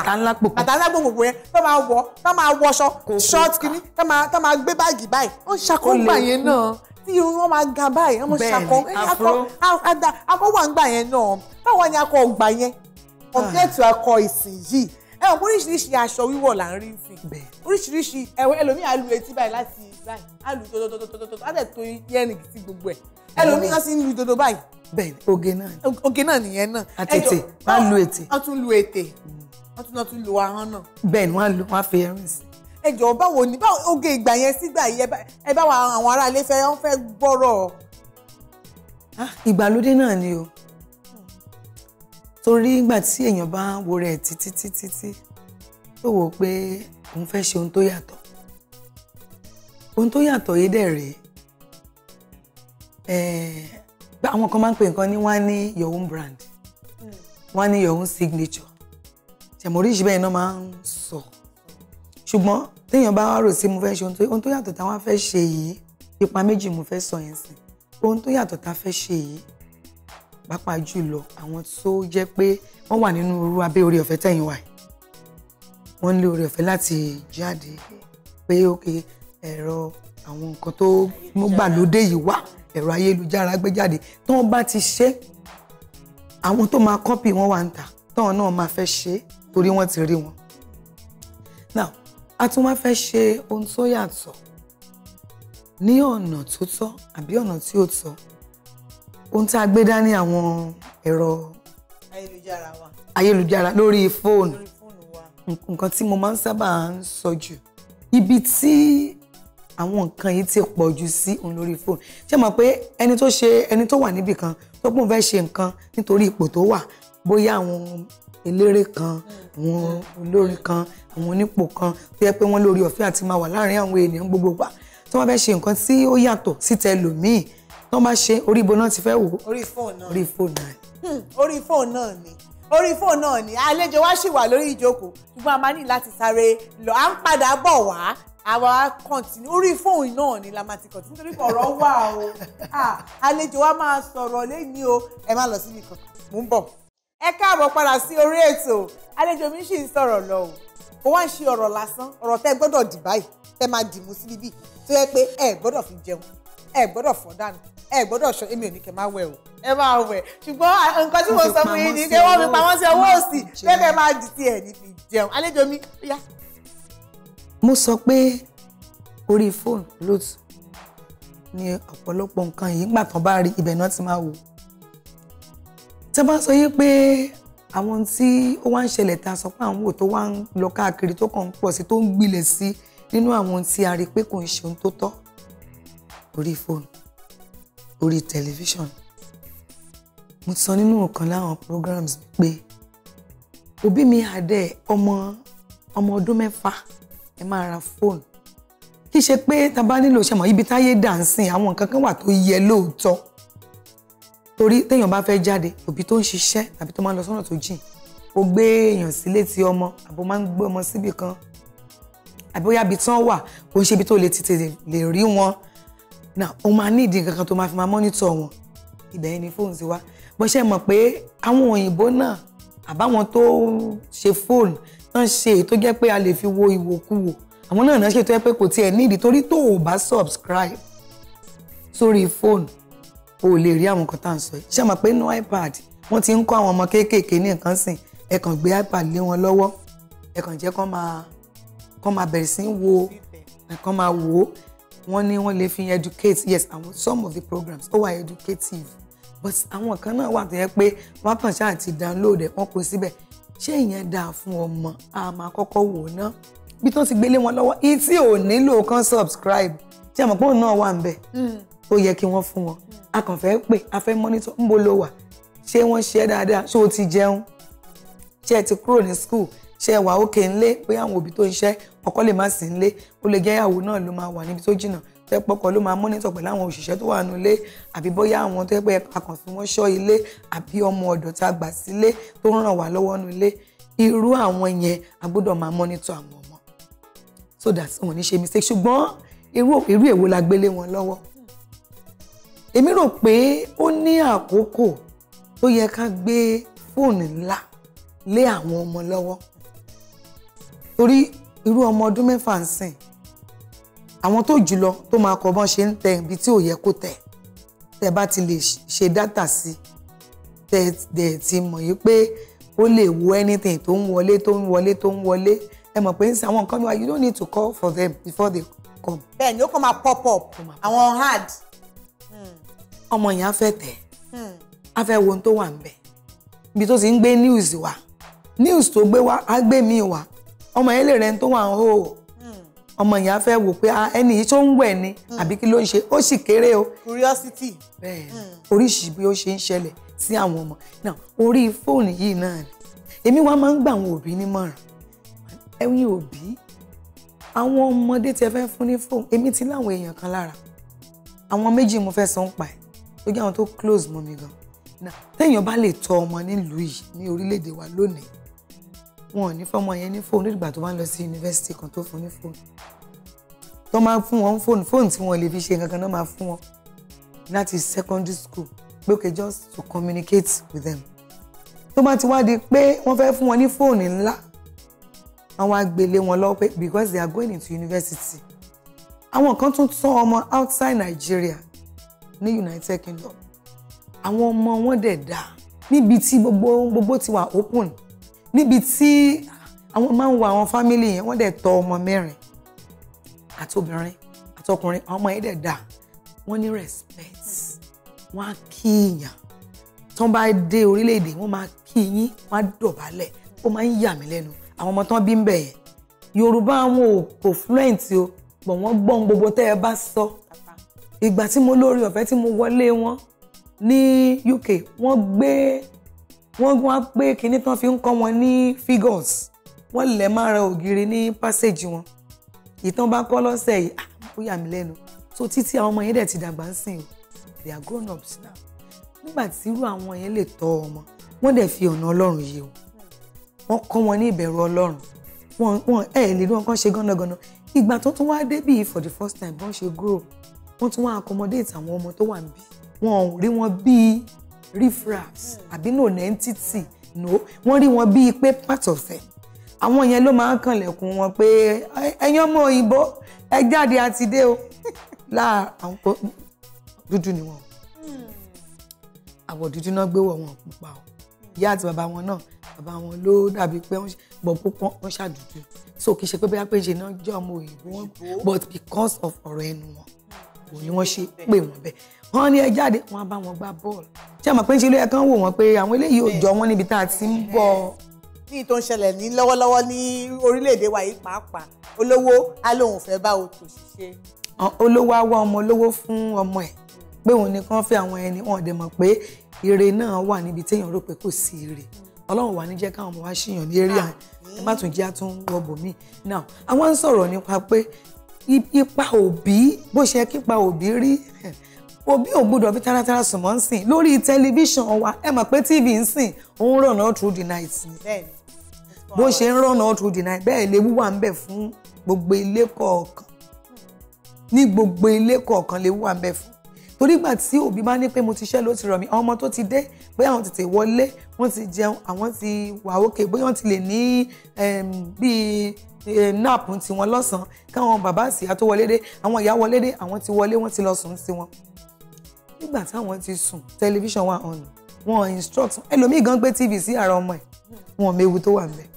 bàtà ńlá gbogbo yẹn tó máa wọ tó máa wọṣọ short kìíní tó máa gbé báàgì báyìí wọ́n ṣàkóńgbà yẹn náà tí irun wọn máa ga báyìí wọ́n ṣàkó akọ wà ń gbà yẹn náà báwo ni akọ ọgbà yẹn compared ah. to akọ ìsìn yìí ẹ wọn oríṣiríṣi aṣọ wíwọ̀ là ń rí fi oríṣiríṣi ẹwọ ẹlòmíì alu etí báyìí láti báyìí alu tótótótótótó á dẹ̀ tó yẹnì sí gbogbo ẹ̀ ẹlòmíì wọn sì ń lu dodo báyìí. bẹ́ẹ̀ oge náà oge náà nìyẹn náà. àtètè wọn á lu ètè. wọn tún lu ètè wọn tún lọ tún lu ahọ́n náà. bẹ́ẹ̀ ni wọn á fi ẹrin sí ẹ jọ̀ọ́ báwo ni báwo oge ìgbà yẹn sígbà yìí ẹ bá àwọn aráalé fẹ́ wọ́n fẹ́ gbọ́rọ̀. Ah, ìgbàlódé náà ni o torí nígbà tí èèyàn bá ń wo rẹ̀ títí títí tí tó wò pé òun fẹ́ ṣe ohun tó yàtọ̀ ohun tó yàtọ̀ yìí dẹ̀ rèé àwọn kan máa ń pè nǹkan ní wọ́n á ní your own brand hmm. wọ́n á ní your own signature ṣàmóríṣi bẹ́ẹ̀ náà máa ń sọ ṣùgbọ́n téèyàn bá wá rò sí mo fẹ́ ṣe ohun tó yàtọ̀ táwọn fẹ́ ṣe yìí ipa méjì mo fẹ́ sọ yẹn sí ohun tó yàtọ̀ tá a fẹ́ ṣe yìí pàápàá jùlọ àwọn tó jẹ́ pé wọ́n wà nínú irú abẹ́ orí ọ̀fẹ́ tẹ̀yìn wà wọ́n lé orí ọ̀fẹ́ láti jáde pé òkè ẹ̀rọ àwọn nǹkan tó mú gbàlódé yìí wá ẹ̀rọ ayélujára gbé jáde tí wọ́n bá ti ṣe àwọn tó máa kọ́pì wọn wà ń tà táwọn náà máa fẹ́ ṣe torí wọ́n ti rí wọn. now a tún wá fẹ́ ṣe ohun tó yàtọ̀ ní ọ̀nà tó tọ́ àbí ọ̀nà tí ó tọ́ ohun tí a gbé dání àwọn ẹ̀rọ ayélujára wa ayélujára lórí fóònù nǹkan tí mo máa ń sábà ń sọ jù ibi tí àwọn nǹkan yìí ti pọ̀ jù sí òun lórí fóònù ṣé mọ̀ pé ẹni tó ṣe ẹni tó wà níbì kan tó pọ̀ fẹ́ ṣe nǹkan nítorí ipò tó wà bóyá àwọn eléré kan mm. àwọn olórin kan àwọn onípò kan tó yẹ pé wọ́n lórí ọ̀fẹ́ àti máa wà láàrin àwọn ènìyàn gbogbo wa tí wọ́n fẹ́ ṣe nǹkan tí ó yàtọ̀ sí tẹlòmíì wọ́n bá ṣe orí ibo náà ti fẹ́ wò. orí fóònù náà orí fóònù hmm, náà ni. orí fóònù náà ni orí fóònù náà ni àlejò wa ṣì wà lórí ìjókòó ṣùgbọ́n a máa ní láti sáré lọ à ń padà bọ̀ wá àwa kọ̀ǹtínú orí fóònù náà ni la máa ti kọ̀ǹtínú nítorí ọ̀rọ̀ wà o àlejò wa máa sọ̀rọ̀ lẹ́ni o ẹ má lọ sí nìkan mò ń bọ̀. ẹ káàbọ̀ padà sí orí ètò àlejò mi ṣì ń sọ̀rọ̀ lọ o kò wá ń ṣe ọ̀rọ̀ lásán ọ̀rọ̀ tẹ́ gbọ́dọ̀ dì báyìí tẹ́ máa dì mú sí bíbí tó yẹ pé ẹ gbọ́dọ̀ fi jẹun ẹ gbọ́dọ̀ fọ̀ dànù ẹ gbọ́dọ̀ ṣọ èmi ò ní kẹ́ máa wẹ̀ o ẹ máa wẹ̀ ṣùgbọ́n nǹkan tí mo sọ fún yín ni pé wọ́n fi pamọ́ sí ọwọ́ òsì lẹ́kẹ̀ máa di ti ẹ̀ ní fi jẹun àlejò mi yá. mo sọ pé orí fóònù lóòtù ni ọ̀pọ̀lọpọ̀ nǹkan yìí gbà tán bá rí ibẹ̀ náà ti máa wò tí wọ́n bá sọ yí pé àwọn tí ó wá ń ṣẹlẹ̀ tá a sọ pé àwọn wò tó wá ń lọ káàkiri tó kàn ń pọ̀ sí tó ń gbilẹ̀ sí nínú àwọn tí a rí pé kò ń ṣe ohun tó tọ́ orí fóònù orí tẹlifíṣàn mo sọ nínú ọ̀kan láwọn programs pé òbí mi àdẹ ọmọ ọmọ ọdún mẹ́fà ẹ máa ra fóònù kì í ṣe pé ta bá nílò ṣe mọ̀ ibi táyé dà ń sìn àwọn nǹkan kan wà tó yẹ lóòótọ́ torí téèyàn bá fẹ́ jáde òbí tó ń ṣiṣẹ́ tàbí tó máa ń lọ sọ́nà tó jìn ó gbé èèyàn sílé ti ọmọ àbó máa ń gbé ọmọ síbì kan àbí ibi tán wà kò ń ṣe ibi tó lè tètè lè rí wọn now o máa ní ìdí nǹkan kan tó máa fi máa mọ́nítọ̀ wọn ibẹ̀ yẹn ni fóònù ti wá bó ṣe mọ̀ pé àwọn na, náà àbáwọn tó ṣe fóònù náà ṣe tó jẹ́ pé a lè fi wo ìwòkuwò àwọn náà náà ṣe tó jẹ́ pé kò tiẹ̀ ní ìdí torí tó o bá subscribe sórí fóònù o lè rí àwọn nǹkan tá à ń sọ yìí ṣe mọ̀ pé inú iPad wọ́n ti ń kọ́ àwọn ọmọ kéékèèké ní nǹkan sìn ẹ kàn gbé iPad lé wọn lọ́wọ́ ẹ kàn jẹ́ kán máa kán máa bẹ̀rẹ̀ sí wo kán máa wò wọ́n ní wọ́n lè fi educate yes àwọn some of the programs ó wà educative but àwọn kan náà wà tó yẹ pé wọ́n kàn ṣáà ti download ẹ̀ wọ́n kó síbẹ̀ ṣé ìyẹn dáa fún ọmọ a máa kọ́kọ́ wò ná bí tó ti gbélé wọn lọ́wọ́ etí ò nílò kan subscribe tí àmọ́ pé òun náà wà ń bẹ̀ hmm. ó yẹ kí wọ́n fún wọn a kàn fẹ́ pé a fẹ́ monitor ń bo lo wà ṣé wọ́n ṣe é dáadáa ṣé o ti jẹun ṣé ẹ ti kúrò ní school ṣe wà ókè ńlé bóyá àwọn òbí tó ń ṣẹ́ ọkọ lè má sí ńlé ó lè jẹ́ ìyàwó náà ló máa wà níbi tó jìnnà tó yẹ pọkọ ló máa mọ́nítọ̀ pẹ̀lú àwọn òṣìṣẹ́ tó wà nù ilé àbí bóyá àwọn tó yẹ pé akànṣe wọn ṣọ́ ilé àbí ọmọ ọ̀dọ̀ tá a gbà sílé tó ń ràn wá lọ́wọ́ nù ilé irú àwọn yẹn a gbọ́dọ̀ máa mọ́nítọ̀ àwọn ọmọ so that wọn ní ṣe mistake ṣùgbọ́n irú irú èwo la gbélé wọn lọ́wọ́ èmi rò pé ó ní àkókò tó yẹ ká gbé fóònù ńlá lé àwọn ọmọ lọ́wọ́ torí irú ọmọ ọdún mẹ́fà ń sìn àwọn tó jùlọ tó máa kọ́ bọ́n ṣe ń tẹ ibi tí ò yẹ kó tẹ̀ tẹ́ bá ti lè ṣe dátà sí tẹ́ dẹ̀ ti mọ̀ yí pé ó lè wo anything tó ń wọlé tó ń wọlé tó ń wọlé ẹ mọ̀ pé ń sìn àwọn nǹkan mi wá you don't need to call for them before they come. bẹ́ẹ̀ni ó kàn máa pop up àwọn hard. Hmm. ọmọ yẹn á fẹ́ tẹ̀ hmm. á fẹ́ wo ohun tó wà ń bẹ̀ ibi tó ti ń gbé news wá news tó gbé wá á gbé mi wá ọmọ yẹn lè rẹni tó wà ń hó hmm. ọmọ yẹn á fẹ́ wò pé ah, ẹni yìí tó ń wẹ̀ ni hmm. àbí kí ló ń ṣe ó sì kéré o. curiosity. bẹ́ẹ̀ hmm. oríṣi bí ó ṣe ń ṣẹlẹ̀ sí àwọn ọmọ náà orí fóònù yìí náà ni èmi wá máa ń gba àwọn òbí nímọ̀ràn ẹ̀yin òbí àwọn ọmọdé tí ẹ fẹ́ fún ní fóònù èmi ti láwọn èèyàn kan lára àwọn méjì mo fẹ́ sọ ń pa ẹ̀ tó àwọn tó close mọ́ mi gan-an téèyàn bá lè tọ́ ọmọ nílùú yìí ní orílẹ̀-èdè wa lónìí wọn ò ní fọmọ yẹn ní fóònù nígbà tó bá ń lọ sí yunifásitì kan tó fún ní fóònù tó máa fún wọn fóònù fóònù tí wọn lè fi ṣe nǹkan kan náà máa fún wọn láti secondary school pé okay just to communicate with them tó bá ti wá di pé wọ́n fẹ́ fún wọn ní fóònù ńlá àwọn agbèlé wọn lọ pé because they are going into university àwọn kan tún tán ọmọ outside Nigeria ní United Kingdom àwọn ọmọ wọn dẹ̀ dáa níbi tí gbogbo gbogbo ti wà open níbi tí àwọn máa ń wo àwọn fámìlì yẹn wọ́n dẹ̀ tọ́ ọmọ mẹ́rin àtobìnrin àtọkùnrin àwọn ọmọ yẹn dẹ̀ dà wọ́n ní respect wọ́n á kí èèyàn tó bá dé orílẹ̀-èdè wọ́n máa kí yín wọ́n á dọ̀bálẹ̀ ó máa ń yà mí lẹ́nu àwọn ọmọ tán bí ń bẹ̀ yẹn Yorùbá àwọn ò kò fluent o bọ̀ wọ́n gbọ́n gbogbo tẹ́ ẹ bá sọ ìgbà tí mo lórí ọ̀fẹ́ tí mo wọlé wọn ní UK wọ́n gbé wọ́n wá pé kinní tán fi ń kọ́ wọn ní figures wọ́n lẹ̀ máa ra ògiri ní passage wọn ìtàn bá kọ́ lọ́sẹ̀ yìí ah, ó yà mí lẹ́nu so títí àwọn ọmọ yẹn dẹ̀ ti dàgbà ń sìn o they are grown ups now nígbà tí irú àwọn yẹn lè tọ́ ọmọ wọ́n dẹ̀ fi ọ̀nà ọlọ́run yìí o wọ́n kọ́ wọn ní ìbẹ̀rù ọlọ́run wọn wọn ẹ̀ lè rí wọn kàn ṣe gánagànà ìgbà tó tún wá débì for the first time bọ́n ṣe grow wọ́n tún wá accommodate àwọn ọmọ tó wà níbí wọn ò rí wọn bíi riffraffs àbí no entity no wọ́n rí wọn bíi pé part of them àwọn yẹn ló máa ń kànlẹ̀kùn wọn pé ẹ̀yin ọmọ òyìnbó ẹ jáde àti dé o láà àwọn kò dúdú ni wọn àwọ̀ dúdú náà gbé wọ̀ wọn pupa o ìyá àti bàbá wọn náà bàbá wọn ló dàbí pé wọ́n bọ̀ púpọ̀ wọ́n ṣàdúdú so kì í ṣe pé bóyá pé ṣe náà jẹ́ ọmọ òyìnbó but because of ọ̀rọ̀ ẹnu wọn òun ni wọ́n ṣe pè wọ́n bẹ́ẹ̀ wọ́n ní ẹ jáde wọ́n á bá wọn gbá bọ́ọ̀lù ṣé àmọ́ pé ń ṣe ló yẹ kán wò wọ́n pé àwọn eléyìí ò jọ wọ́n níbi tá a ti ń bọ̀. ní ìtò ń ṣẹlẹ̀ ní lọ́wọ́lọ́wọ́ ní orílẹ̀-èdè wa yìí pàápàá olówó á lóun fẹ́ bá òtòṣì ṣe. olówó á wá ọmọ olówó fún ọmọ ẹ̀ pé òun nìkan fẹ́ àwọn ẹni wọn dẹ̀ mọ̀ pé ire náà wà níbi téèyàn rò pé kò sí ire ọlọ́run wà ní jẹ́ káwọn ọmọ wa ṣìyàn ní eré ẹ má tún jẹ́ àtún wọ́bọ̀ míì àwọn ń sọ̀rọ̀ nípa pé ipa òbí bó ṣe kípa òbí rí òbí ò gbọ́dọ̀ fi taratara sùnmọ́ ń sìn lórí tẹlifíṣàn wa ẹ mọ̀ pé tv ń sìn òun rọ̀nà through the night bó ṣe ń rọ̀nà through the night bẹ́ẹ̀ léwu wà ń bẹ̀ fún gbogbo ilé kọ̀ọ̀kan ní gbogbo ilé kọ̀ọ̀kan léwu wà ń bẹ̀ fún torí gbà tí òbí bá ní pé mo ti ṣẹ́ ló ti rọ̀ mí àwọn ọmọ tó ti dé bóyá àwọn tètè wọlé wọ́n ti jẹun àwọn ti wà ókè bóyá wọ́n ti lè ní bíi nap ti wọn lọ́sàn-án káwọn bàbá àti ìyá tó wọlé dé àwọn ìyá wọlé dé àwọn ti wọlé wọ́n ti lọ sùn sí wọn. nígbà táwọn ti sùn tẹlifíṣàn wa ọ̀nà wọn instruct ẹlòmíì gan gbé tv sí ara ọmọ ẹ̀ wọn méwu tó wà ńbẹ̀.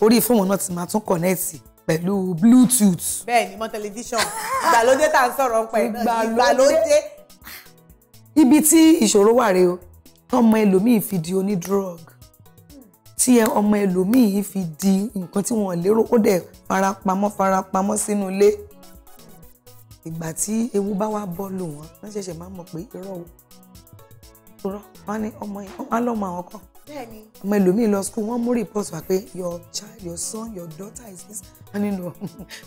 orí fóònù náà ti máa tún kọ̀nẹ́ẹ̀tì pẹ̀lú bluetooth. bẹ́ẹ̀ni mọ tẹlifíṣàn ìgbàlódé tá à ń sọ̀rọ̀ ń pẹ náà ìgbàlódé. ibi tí ìṣòro wà rèé o ẹlòmíì fi di onídrọ́ọ̀gù tí ọmọ ẹlòmíì fi di nǹkan tí wọ́n lérò ó dẹ̀ farapamọ́ farapamọ́ sínú ilé ìgbà tí ewu bá wá bọ́ lù wọ́n wọ́n ṣẹ̀ṣẹ̀ máa mọ̀ pé irọ́ o irọ́ wọn ni ọmọ yìí wọn á lọ́mọ àwọn kan ọmọ ẹlòmíì lọ school wọ́n mú report wá pé your child your son your daughter is this and you know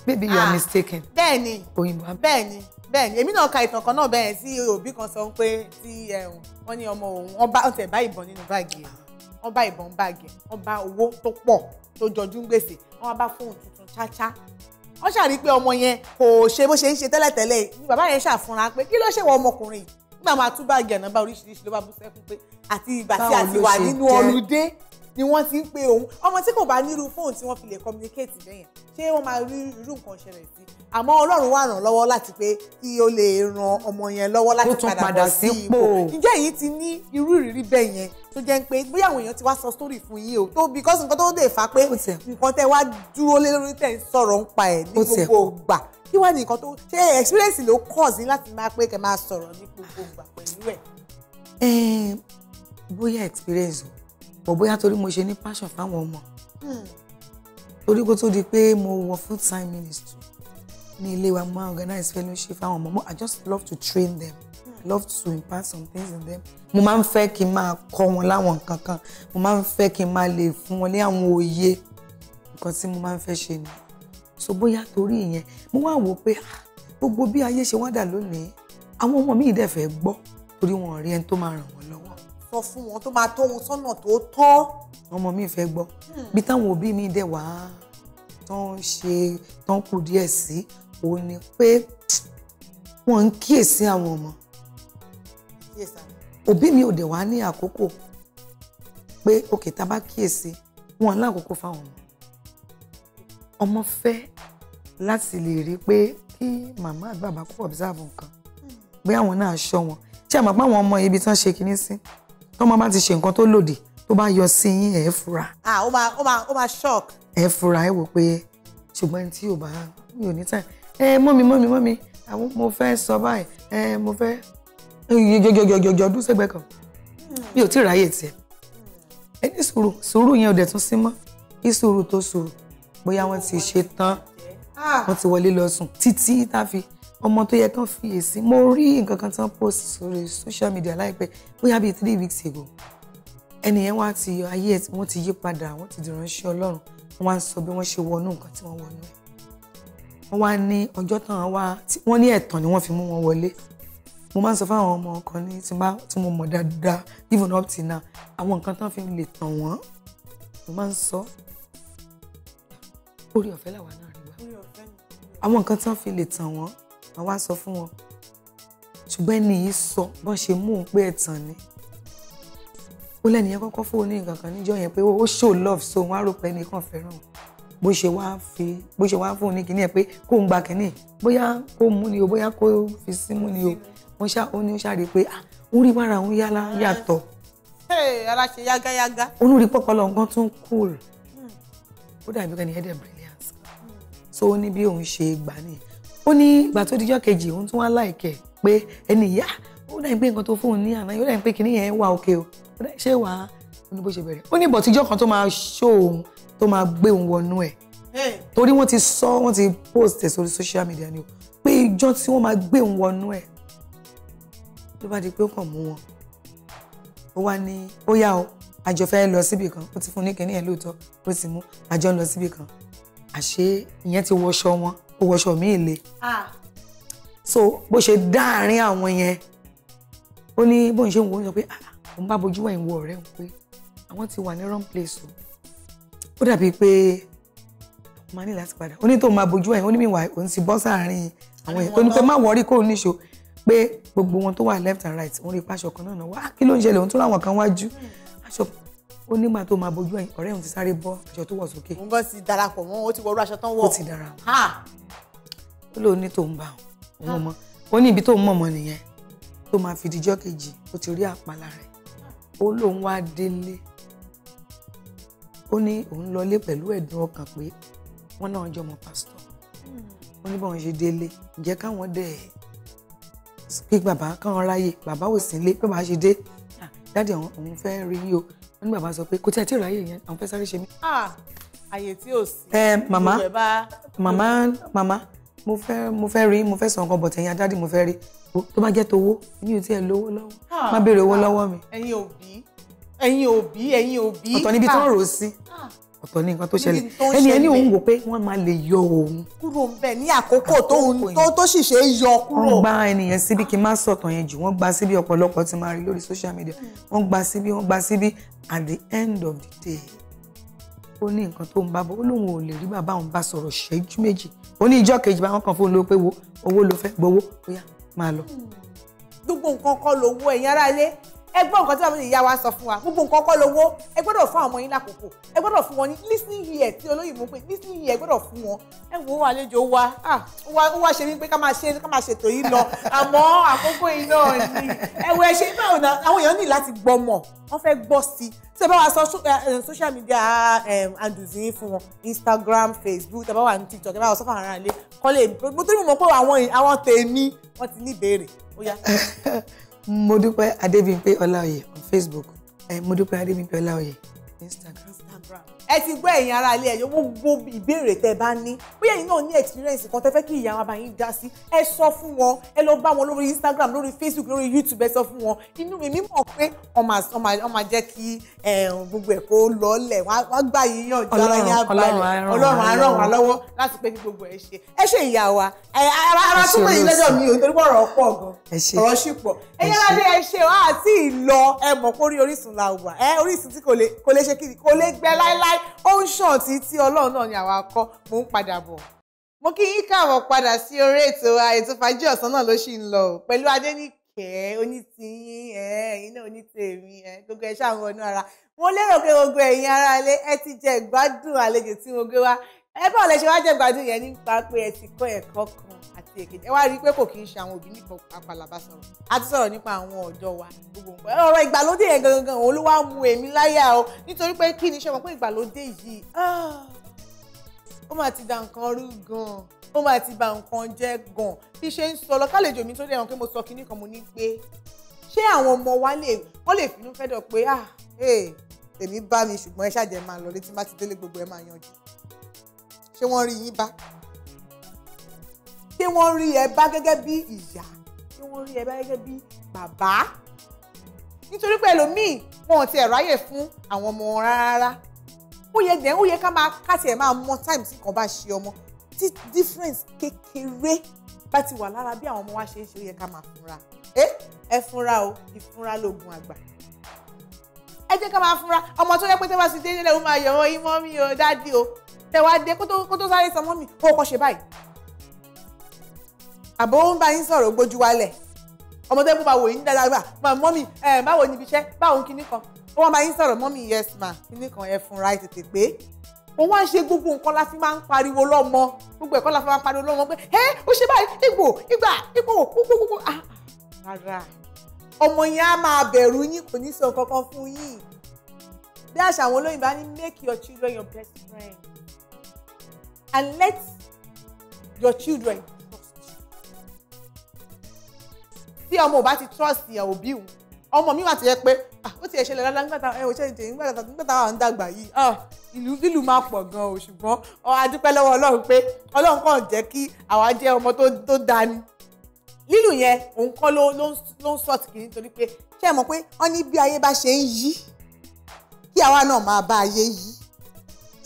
baby you are ah, mistaken. bẹ́ẹ̀ni bẹ́ẹ̀ni bẹ́ẹ̀ni èmi náà ka ìtàn kan náà bẹ́ẹ̀ sí òbí kan sọ pé tí eh, wọ́n ní ọmọ òun wọ́n bá ọ̀tẹ̀ bá ìbọn nínú báàgì yẹn wọ́n bá ìbọn báàgì wọ́n bá owó tó pọ̀ tó jọjú gbèsè wọ́n bá fóònù tuntun ṣáṣá wọ́n ṣàrí pé ọmọ yẹn kò ṣe bó ṣe ń ṣe tẹ́lẹ̀tẹ́lẹ̀ ni bàbá yẹn ṣàfúnra pé kí ló ṣe wọ ọmọkùnrin yìí nígbà máa tú báàgì ànábà oríṣiríṣi ló bá bú sẹ́kún pé àti ìgbà tí a ti wà nínú ọlùdé ni wọ́n ti ń pe òun ọmọ tí kò bá nírú fóònù tí wọ́n fi lè communicate bẹ́yẹn ṣé wọ́n máa rí irú nǹkan ṣẹlẹ̀ sí àmọ́ ọlọ́run wà ràn lọ́wọ́ láti pé kí o lè ran ọmọ yẹn lọ́wọ́ láti padà bọ̀ sí ipò ǹjẹ́ èyí ti ní irú ìrírí bẹ́ẹ̀ yẹn tó jẹ́ pé bóyá àwọn èèyàn ti wá sọ story fún yín o tó because nǹkan tó lè fà pé nǹkan tẹ́ wá dúró lé lórí tẹ̀ ń sọ̀rọ̀ ń pa ẹ̀ ní gbogbo ìgbà kí wàá ní nǹkan tó ṣe experience ló cause ní láti máa pé kẹ́ máa sọ̀rọ̀ ní gbogbo ìgbà pẹ̀lú ẹ̀. bóyá experience o bọ̀ bóyá torí mo ṣe ní passion fáwọn ọmọ hmm. torí kó tó di pé mo wọ full time ministry ní ilé wa mo máa organize fellowship fáwọn ọmọ I just love to train them I hmm. love to impart some things in them mo máa ń fẹ́ kí n máa kọ́ wọn láwọn nǹkan kan mo máa ń fẹ́ kí n máa lè fún wọn ní àwọn òye nǹkan tí mo máa ń fẹ́ ṣe ni so bóyá torí ìyẹn mo wá wò pé ah, gbogbo bí ayé ṣe wá dà lónìí àwọn ọmọ mi ì dẹ̀ fẹ́ gbọ́ torí wọn ò rí ẹni tó máa ràn wọ́n lọ́wọ́ tọ́ fún wọn tó máa tọ́ wọn sọ́nà tó tọ́. ọmọ mi fẹ́ gbọ́ hmm. bí táwọn òbí mi dẹ̀ wá tán ṣe tán kù díẹ̀ sí òun ni pé wọ́n ń kíyèsí àwọn ọmọ òbí mi ò dẹ̀ wá ní àkókò pé òkè tá a bá kíyèsí wọn lákòókò fáwọn ọmọ ọmọ fẹ́ láti lè rí pé kí màmá àti bàbá kó observe nǹkan hmm. bí àwọn náà ṣọ́ wọn ṣé àmọ́ pé àwọn ọmọ ibi tán ṣe kinní sí tọ́mọ bá ti ṣe nǹkan tó lòdì tó bá yọ sí yín ẹ̀ fura. ah ó máa ó máa ó máa shock. ẹ fura ẹ wò pé ṣùgbọ́n ẹni tí yóò bá mi ò ní tàn ẹ mọ́mi mọ́mi mọ́mi àwọn mo fẹ́ sọ báyìí ẹ mo fẹ́ yọjọjọjọjọ ọdún sẹ́gbẹ̀ẹ́ kan mi ò tí ì ráyè tiẹ̀ ẹ ní sùúrù sùúrù yẹn ò dẹ̀ tún sí mọ́ kí sùúrù tó sùúrù bóyá wọ́n ti ṣe tán ah. wọ́n ti wọlé lọ sùn títí tá a fi ọmọ tó yẹ kán fi èsì mo rí nǹkan kan tí wọ́n post sórí social media láìpẹ́ bóyá bíi three weeks ago ẹnìyẹn wá ti yọ ayé ẹ̀ wọ́n ti yí padà wọ́n ti dìránṣẹ́ ọlọ́run wọ́n wá ń sọ bí wọ́n ṣe wọnú nǹkan tí wọ́n wọnú ẹ̀ wọ́n wá ní ọjọ́ tán wá wọ́n ní ẹ̀tàn ni wọ́n fi mú wọn wọlé mo máa ń sọ fáwọn ọmọ kan ní tí mo mọ̀ dáadáa even up till now àwọn nǹkan tán fi lè tàn wọ́n mo máa ń sọ orí ọ̀fẹ́ làwọn náà rí wa àwọn nǹkan tán fi lè tàn wọ́n wọ́n wá sọ fún wọn ṣùgbọ́n ẹni yìí sọ bó ṣe mú un pé ẹ̀tàn ni ó lẹ́nu yẹn kọ́kọ́ fóun ní nǹkan kan níjọ́ yẹn pé ó show love so wọ́n á rò pé ẹnìkan fẹ́ràn bó ṣe wá fi bó ṣe wá fóun ní kíní ẹ pé kó ń gba kíní bóyá kó mú ni o bóyá kó fi sí mú ni o wọ́n ṣá ó ní ó ṣàrí pé ah ó rí wàrà òun yálà yàtọ̀. ara ṣe yágáyágá. olórí pọpọlọ nǹkan tún cool hmm. ó dàbí kẹ́ni ẹ̀dẹ̀ brilliance so ó ní bí òun ṣe gbà nìyẹn ó ní ìgbà tó dijọ́ kejì òun tún wá láìkẹ̀ pé ẹni ìyá ah, ó dà ń pé nǹkan tó fún un ní àná yóò dà ń pé kinní yẹn wà òkè o ó dà ṣé wàá ó ní bó ṣe bẹ̀rẹ̀ ó ní ìbọ̀tíjọ́ kan tó máa ṣó òun tó máa gbé òun wọnú ẹ̀ torí wọ́n ti sọ wọ́n ti post ẹ̀ sórí social media ni o pé ìjọ́ tí wọ́n máa gbé òun wọnú ẹ̀ ló bá di pé ó kàn mú wọn ó wá ní ó yá o àjọ fẹ́ lọ síbì kan ó ti fún ní kinní lóòótọ́ ó ti mú àjọ lọ síbì kan àṣé ìyẹn ti wọṣọ wọn ó wọṣọ míì le so bó ṣe dá àárín àwọn yẹn ó ní bóun ṣe ń wo ó sọ pé òun ah, bá bojú wẹ̀yìn wo ọ̀rẹ́ òun pé àwọn ti wà ní wrong place o ó dàbíi pé àwọn máa ní láti padà ó ní tóun máa bojú wẹ̀yìn ó ní mìíràn òun ti bọ́ sáàárín àwọn yẹn ó ní pé má wọrí kóun níṣó pé gbogbo wọn tó wà left and right òun rí pàṣọ kan náà náà wá kí ló ń ṣẹlẹ̀ òun tó láwọn kan wájú hmm. aṣọ ó nígbà tó máa bojú ẹ̀yìn ọ̀rẹ́ òun ti sáré bọ́ aṣọ tó wọ̀ sókè. òun gan ti darapọ̀ mọ́ ó ti wọ orú aṣọ tán wọ̀. ó ti dara ó lóun ní tòun bá òun mọ̀ ó ní ibi tóun mọ̀mọ́ nìyẹn tó máa fi dijọ́ kejì ó ti rí àpàlà rẹ̀ ó lóun wá délé ó ní òun lọlé pẹ̀lú ẹ̀dùn ọkàn pé wọ́n náà jọmọ pásítọ̀ hmm. ó ní báwọn ṣe délé ǹjẹ́ káwọn dẹ̀ pé bàbá káwọn ráyè bàbá ò sí nílé bàbá ṣe dé ah, dáàdì òun fẹ́ rí yìí o ní bàbá sọ pé kò tí ẹ ti ráyè yẹn àwọn fẹ́ sáré ṣe mí. àyè tí ò sí. ẹ màmá màmá màmá mo fẹ́ mo fẹ́ rí mo fẹ́ sọ nǹkan bọ̀tẹ̀ yẹn adáde mo fẹ́ rí tó bá jẹ́ towó ní o tí ẹ lówó lọ́wọ́ má béèrè owó lọ́wọ́ mi. ẹ̀yin òbí ẹ̀yin òbí ẹ̀yin òbí. ọ̀tọ̀ níbi tí wọ́n rò ó sí ọ̀tọ̀ ní nǹkan tó ṣẹlẹ̀ ẹni ẹni òun wò pé wọ́n máa lè yọ òun. kúrò ń bẹ̀ ní àkókò tó sì ṣe é yọ kúrò. wọ́n gba ènìyàn síbi kí n má sọ̀tàn yẹn jù wọ́n gba síbi ọ̀pọ̀lọpọ̀ tí máa rí lórí social media hmm. wọ́n gba síbi wọ́n gba síbi at the end of the day ó ní nǹkan tó ń bá bọ́ ó lóun ò lè rí bàbá òun bá sọ̀rọ̀ ṣẹ́jú méjì ó ní ìjọ́ kejì bá wọn kàn fóun ló pé wo owó ló fẹ́ gbowó ó yá ẹ gbọ́ nǹkan tí bàbá ìyá wa sọ fún wa gbogbo nǹkan kọ́ lówó ẹ gbọ́dọ̀ fún àwọn ọmọ yín lákòókò ẹ gbọ́dọ̀ fún wọn ní listening year tí olóyìnbó pé listening year ẹ gbọ́dọ̀ fún wọn ẹ wò ó àlejò wa ó wá ṣe mí pé ká máa ṣe ká máa ṣètò yìí lọ àmọ́ àkókò yìí náà ni ẹ wò ẹ ṣe báwo náà àwọn èèyàn ní láti gbọ́ mọ̀ wọ́n fẹ́ gbọ́ sí tí ẹ bá wa sọ social media handles yín fún wọn Instagram Facebook ẹ bá wà ní TikTok ẹ bá wa sọ fún àwọn aráàlú kọ́lé mo tó ní mo mọ̀ pé àwọn tèmi wọ́n ti ní ìbéèrè ó yá. mo dúpẹ́ adébímpé ọláòyè on facebook mo dúpẹ́ adébímpé ọláòyè instagram ẹ ti gbọ́ ẹ̀yin ara ilé ẹ̀yọ́ gbogbo ìbéèrè tẹ́ bá ní bóyá ẹ̀yin náà ní experience kan tẹ́ fẹ́ kí ìyá wa bá yín dá sí ẹ sọ fún wọn ẹ lọ bá wọn lórí Instagram lórí Facebook lórí YouTube ẹ sọ fún wọn inú mi mímọ̀ pé wọ́n máa jẹ́ kí eh, gbogbo ẹ̀ kó lọ́ọ̀lẹ̀ wọ́n gbà yín yànjú ara yín abúlé Ọlọ́run á ràn wá lọ́wọ́ láti pé kí gbogbo ẹ̀ ṣe ẹ ṣe ìyá wa ara tó mọ̀ yín lọ́jọ́ mi ò nítorí pé ọ̀rọ̀ pọ̀ gan ọ̀rọ̀ sì pọ̀ ẹ̀yin aládé ẹ ṣe wá àti ìlọ ẹ mọ̀ kórí Orísun la wà ẹ Orísun tí kò lè ṣe kí kò lè gbẹ láéláé láéláé ó ń ṣàn títí ọlọ́run náà ni àwa kọ́ mò ń padà bọ̀ mo kí yín káàbọ̀ padà sí orí ètò ètò fàájì ọ̀sán náà ló ṣì ń lọ pẹ̀lú adẹ́nìkẹ́ onítìyín ẹ̀yin náà onítèmi gbogbo ẹ̀ ṣàwọn ọ̀nà ara mo lérò pé gbogbo ẹ̀yin aráalé ẹ ti jẹ ìgbádùn àlejò tí mo gbé wá ẹ bá ọ̀lẹ́ ṣe wá jẹ́ gbádùn yẹn nípa pé ẹ ti kọ́ ẹ̀kọ́ kan àti èkejì ẹ wá rí i pé kò kí ń ṣe àwọn òbí nìkan àpàlàbà sọ̀rọ̀ a ti sọ̀rọ̀ nípa àwọn ọ̀dọ́ wa gbogbo nǹkan ọ̀rọ̀ ìgbàlódé yẹn gangan òun ló wá mú èmi láyà o nítorí pé kí ni sọmọ pé ìgbàlódé yìí ah, ó máa ti da nǹkan rú gan ó máa ti ba nǹkan jẹ́ gan bí ṣe ń sọ lọ kálejò mi tó dẹ̀ hàn pé mo sọ kinní kan mo ní pé ṣé àwọn ọmọ wa lè wọ́n lè finú fẹ́ dọ̀ pé ah eh, èmi bá mi ṣùgbọ́n ẹ ṣàjẹ́ máa lọ létí má ti délé gbogbo ẹ máa yanjú ṣé wọ́n rí yín bá ṣé wọ́n rí ẹ bá gẹ́gẹ́ bí ìyá ṣé wọ́n rí ẹ bá gẹ́gẹ́ bí bàbá nítorí pé ẹlòmíì wọn ò tiẹ̀ ráyè fún àwọn ọmọ wọn rárá ó yẹ dẹ̀ ó yẹ ká máa káàtì ẹ̀ máa mọ time tí kan bá ṣe ọmọ tí difference kékeré bá ti wà lára bí àwọn ọmọ wa ṣe ń ṣe ó yẹ ká máa fúnra ẹ ẹ fúnra o ìfúnra lóògùn àgbà ẹ jẹ́ ká máa fúnra ọmọ tó yẹ pé tẹ́ bá ti dé nílẹ̀ ó máa yọ̀ ọ́ yín mọ́ o dáàdi o tẹ wá dé kó tó sáré sọ mọ́mì kó o kọ́ ṣe báyìí. àbò ń bá yín sọ̀rọ̀ gbójú wálẹ̀ ọmọdé bó bá wò yín dáadáa gbà mà mọ́mì báwo níbi iṣẹ́ báwo kinní kan ó wọ́n bá yín sọ̀rọ̀ mọ́mì yes ma kinní kan ẹ̀ fúnra tètè pé òun wá ń ṣe gbogbo nǹkan la fi máa ń pariwo lọ́mọ gbogbo ẹ̀kọ́ la fi máa ń pariwo lọ́mọ pé ẹ ó ṣe báyìí ìgbò ìgbà ìgbò gbogbogbò ah rárá ọmọ yẹn á máa bẹ̀rù yín kò ní sọ kankan fún yín bí àṣà àwọn olóyìnbá ní make your children your best friend and let your children trust tí ọmọ ò bá ti trust ìyàwó bí òun ọmọ mi wà ti yẹ pé ah, ó ti ẹ̀ ṣẹlẹ̀ dáadáa nígbà táwọn ẹ̀ ò ṣe ìdè nígbà táwọn ń dàgbà yìí ah, ìlú lílù máa pọ̀ gan o ṣùgbọ́n a dúpẹ́ lọ́wọ́ ọlọ́run pé ọlọ́run kàn jẹ́ kí àwa jẹ́ ọmọ tó dání lílù yẹn òun kọ́ ló ń sọ̀t kì í nítorí pé ṣé ẹ mọ̀ pé wọ́n ní bí ayé bá ṣe ń yí kí àwa náà máa bá ayé yí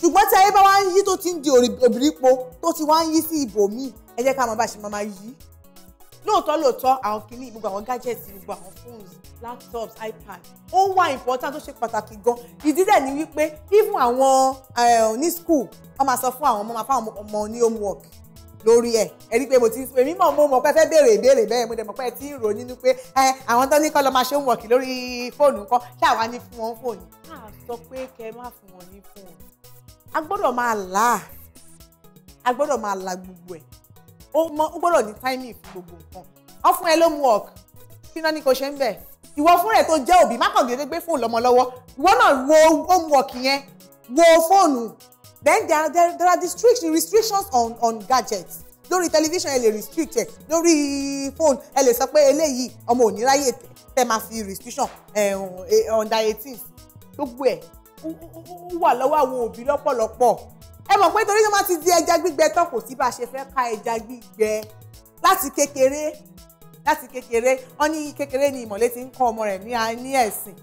ṣùgbọ́n tí ayé bá wá ń yí tó ti ń di òbírípo tó ti wá ń yí sí ibòmíì ẹ jẹ́ ká máa bá ṣe máa máa yí lóòótọ́ lóòótọ́ àwọn kìíní gbogbo àwọn gadgets gbogbo àwọn phones laptops ipad ó wà important ó ṣe pàtàkì gan ìdí dẹ̀ ni wípé even àwọn eh, ní school wọ́n máa sọ fún àwọn ọmọ máa fáwọn ọmọ ní homework lórí ẹ̀ ẹ rí i pé mo ti èmi mọ̀ mo mọ̀ pé fẹ́ béèrè ìbéèrè bẹ́ẹ̀ mo dẹ̀ mọ̀ pé ẹ ti ń rò nínú pé ẹ eh, àwọn tó ní kọ́ lọ máa ṣe homework lórí fóònù ńkọ́ ṣáà wá ní fún wọn fóònù káà sọ pé kẹ́ má fún wọn ní fóònù a gbọ́dọ̀ máa là á a gbọ́dọ̀ máa la gbogbo ẹ̀ ó mọ ó gbọ́dọ̀ ní timing fún gbogbo nǹkan wọ́n fún ẹ ló mú work kí náà ni kò ṣe ń bẹ̀ ìwọ fún rẹ̀ tó jẹ́ òbí má kàn déédéé gbé fóònù lọ́mọ lọ́wọ́ ìwọ náà wo home work yẹn wo fóònù then there are there, there are restriction, restrictions on on gadgets lórí tẹlifíṣàn ẹ lè restrict ẹ lórí fóònù ẹ lè sọ pé eléyìí ọmọ ò ní ráyè tẹ máa fi restriction ẹ eh, eh, under eighteen gbogbo ẹ wà lọ́wọ́ àwọn òbí lọ́pọ̀lọpọ̀ ẹ mọ̀ pé torí tó máa ti di ẹja gbígbẹ tán kò sí bá a ṣe fẹ́ ka ẹja gbígbẹ láti kékeré láti kékeré wọn ní kékeré ni ìmọ̀lẹ́ ti ń kọ́ ọmọ rẹ̀ ní ẹ̀sìn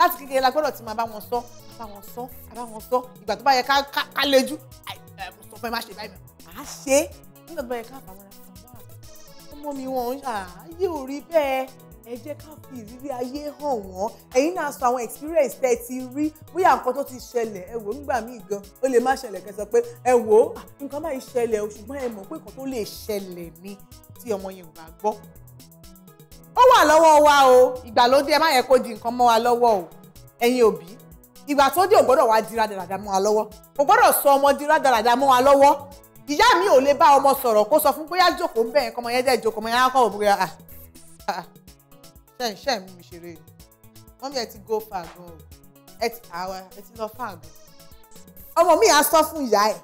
láti kékeré la gbọ́dọ̀ ti máa bá wọn sọ bá wọn sọ bá wọn sọ ìgbà tó bá yẹ ká lejú sọ fún ẹ má ṣe báyìí à á ṣe nígbà tó bá yẹ ká àbáwọn ọmọ mi wọn ààyè ò rí bẹ́ẹ̀ ẹ jẹ́ ká fi ìrírí ayé hàn wọ́n ẹ̀yin náà sọ àwọn experience tẹ́ ẹ ti rí bóyá nǹkan tó ti ṣẹlẹ̀ ẹ wò nígbà míì gan ó lè má ṣẹlẹ̀ kẹ́ sọ pé ẹ wò ó nǹkan báyìí ṣẹlẹ̀ o ṣùgbọ́n ẹ mọ̀ pé nǹkan tó lè ṣẹlẹ̀ ni tí ọmọ yẹn ò bá gbọ́. ó wà lọ́wọ́ wa o ìgbàlódé ẹ má yẹ kó di nǹkan mọ́ wa lọ́wọ́ o ẹ̀yin òbí ìgbà tó dé ò gbọ́dọ̀ wá di rádaràda mọ́ wa lọ́wọ́ ò gbọ́dọ̀ sọ ọmọ ìyá mi ò lè bá ọmọ sọ̀rọ̀ kó sọ fún bóyá jókòó ń bẹ̀yẹn kọ́mọ yẹn dẹ́ jókòó mọ́ yẹn á kọ́ òbúrẹ́ à ṣe ń ṣe mú mi ṣeré ni mọ́mí ẹ ti go far gan o ẹ ti àwa ẹ ti lọ far gan. ọmọ mi á sọ fún ìyá ẹ̀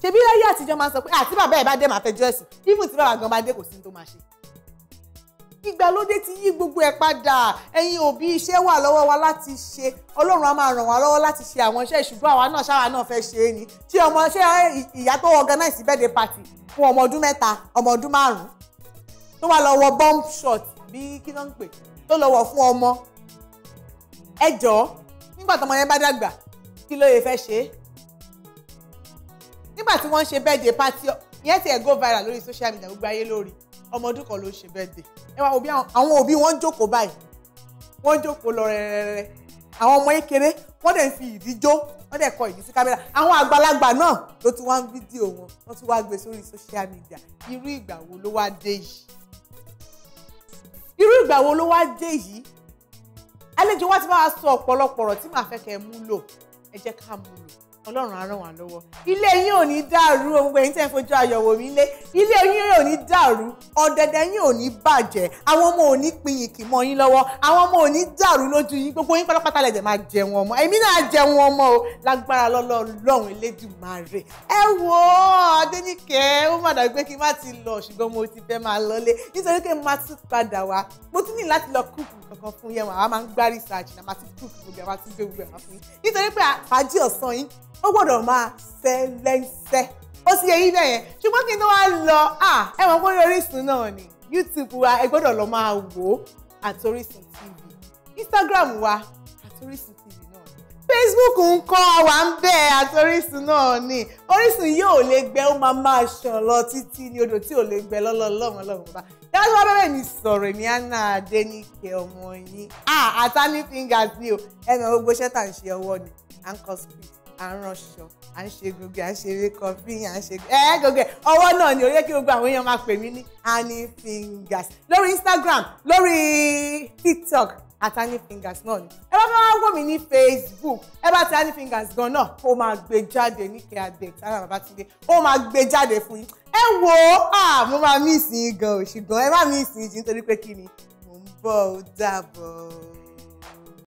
ṣebí láyé àtijọ́ máa ń sọ pé àti bàbá ẹ̀ bá dé màá fẹjọ́ ẹ̀sùn even tí bàbá gan bá dé kò sí ní tó máa ṣe. ìgbàlódé ti yí gbogbo ẹ̀ padà ẹ̀yin òbí iṣẹ́ wà lọ́wọ́ wa láti ṣe ọlọ́run á máa ràn wá lọ́wọ́ láti ṣe àwọn iṣẹ́ ìṣùgbọ́n àwa náà ṣáwa náà fẹ́ ṣe é ni ṣé ọmọ ṣé ìyá tó organize birthday party fún ọmọ ọdún mẹ́ta ọmọ ọdún márùn-ún tó wà lọ́wọ́ bomb shot àbí kí ló ń pè tó lọ wọ̀ fún ọmọ ẹ jọ̀ọ́ nígbà tọmọ yẹn bá dàgbà kí ló yẹ fẹ́ ṣe nígbà tí wọ́n ṣe birthday party ìyẹn ti ẹ̀ go viral lórí social media gbogbo ayé lórí ọmọ ọdún kan ló ṣe birthday ẹ wá òbí àwọn òbí wọn jókòó báyìí wọ́n jókòó lọ rẹ̀rẹ̀rẹ̀ àwọn ọmọ kékeré wọ́n dẹ̀ ń fi ìdí jó wọ́n dẹ̀ kọ ìdí sí kámẹ́rà àwọn àgbàlagbà náà ló ti wá ń fídíò wọn wọ́n ti wá gbé sórí social media irú ìgbà wo ló wá dé yìí irú ìgbà wo ló wá dé yìí àlejò wa ti bá wa sọ ọ̀pọ̀lọpọ̀ ọ̀rọ̀ tí màá fẹ́ kẹ́ mú lò ẹ jẹ́ ká mú lò ọlọ́run á ràn wá lọ́wọ́ ilé yín ò ní dàrú ohun gbẹ̀yìn tẹ́ ń fojú àyọ̀wò mi lé ilé yín ò ní dàrú ọ̀dẹ̀dẹ̀ yín ò ní bàjẹ́ àwọn ọmọ ò ní pinyìnkì mọ́ yín lọ́wọ́ àwọn ọmọ ò ní dàrú lójú yín gbogbo yín pátápátá lẹ̀dẹ̀ máa jẹun ọmọ èmi náà jẹun ọmọ o lágbára lọ́lọ́ lọ́run elédùmarè ẹ wo Adéníkẹ́ ó mà dàbí kí n má ti lọ ṣùgbọ́n mo ti fẹ́ máa lọlé nítorí pé mo máa tún padà wá mo tún ní láti lọ kúkú kankan fún yẹn àwọn máa ń gbá research náà máa ti cook gbogbo àwọn ti gbé gbogbo àwọn fún yín nítorí pé fàájì ọ̀sán yín ó gbọ́dọ̀ máa ṣẹ́ lẹ́ńsẹ́ ó sì yẹ yín bẹ́ẹ̀ yẹn ṣùgbọ́n kí n tó wá lọ ẹ mọ̀ pé Orísun náà ni YouTube wa ẹ gbọ́dọ̀ lọ máa wò ó TV Instagram wa àti Orísun TV Facebook ń kọ́ àwa ń bẹ́ àti náà ni Orísun yóò lè gbẹ ó máa máa ṣàn lọ títí ni odò tí ò lè gbẹ lọ́lọ́ lọ́mọ lọ́mọ bá dájú wá bẹ́ẹ̀ mi sọ̀rọ̀ èmi Anna Adéníkẹ́ ọmọ yín àtàní fingers ni o ẹnu gbogbo iṣẹ́ tà ń ṣe ọwọ́ ni à ń kọ script à ń ránṣọ à ń ṣe gbogbo à ń ṣe eré kọfí à ń ṣe ẹ gbogbo ẹ ọwọ́ náà ni ó kí gbogbo àwọn èèyàn máa pè mí ní Annie fingers lórí Instagram lórí TikTok at any fingers náà ni ẹ bá fẹ́ wá wò mí ní facebook ẹ bá ti any fingers gan náà ó máa gbé jáde níkẹ́ adé tara bàbá ti dé ó máa gbé jáde fún yín ẹ wò ó mo máa mí ìsìn gan òṣùgbọ́n ẹ má mí ìsìn jì nítorí pé kí ni mò ń bọ̀ ó dàbọ̀.